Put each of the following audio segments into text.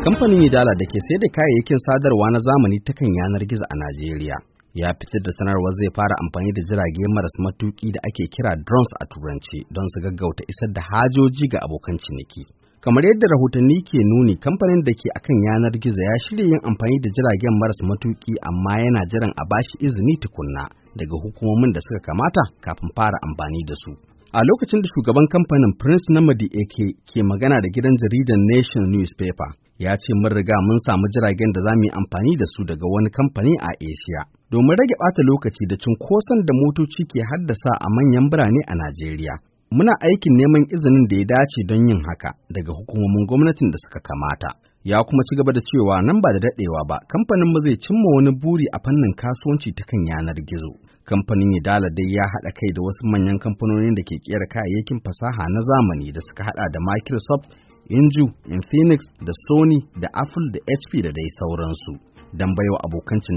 Kamfanin Ijala da ke sai da kayayyakin sadarwa na zamani ta kan yanar gizo a Najeriya ya fitar da sanarwar zai fara amfani da jirage maras matuki da ake kira drones a turanci don su gaggauta isar da hajoji ga abokan ciniki. Kamar yadda rahotanni ke nuni kamfanin da ke akan yanar gizo ya shirya yin amfani da jiragen maras matuki amma yana jiran a bashi izini tukunna daga hukumomin da suka kamata kafin fara amfani da su. A lokacin da shugaban kamfanin Prince Namadi AK ke magana da gidan jaridan Nation Newspaper, ya ce mun riga mun samu jiragen da za mu yi amfani da su daga wani kamfani a Asia. Domin rage ɓata lokaci da cunkoson da motoci ke haddasa a manyan birane a Najeriya. Muna aikin neman izinin da ya dace don yin haka daga hukumomin gwamnatin da suka kamata. ya kuma ci gaba da cewa nan ba da daɗewa ba kamfanin mu zai cimma wani buri a fannin kasuwanci ta kan yanar gizo kamfanin idala dai ya haɗa kai da wasu manyan kamfanonin da ke ƙera kayayyakin fasaha na zamani da suka haɗa da microsoft inju infinix da sony da apple da hp da dai sauransu don baiwa abokan su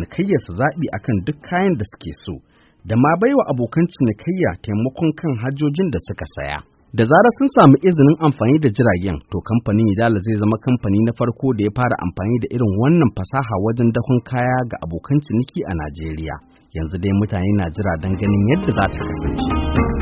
zaɓi akan duk kayan da suke so da ma baiwa abokan cinikayya taimakon kan hajjojin da suka saya Da zarar sun samu izinin amfani da jiragen, to kamfanin Idala zai zama kamfani na farko da ya fara amfani da irin wannan fasaha wajen dakon kaya ga abokan ciniki a Najeriya. Yanzu dai mutane na jira don ganin yadda za ta kasance.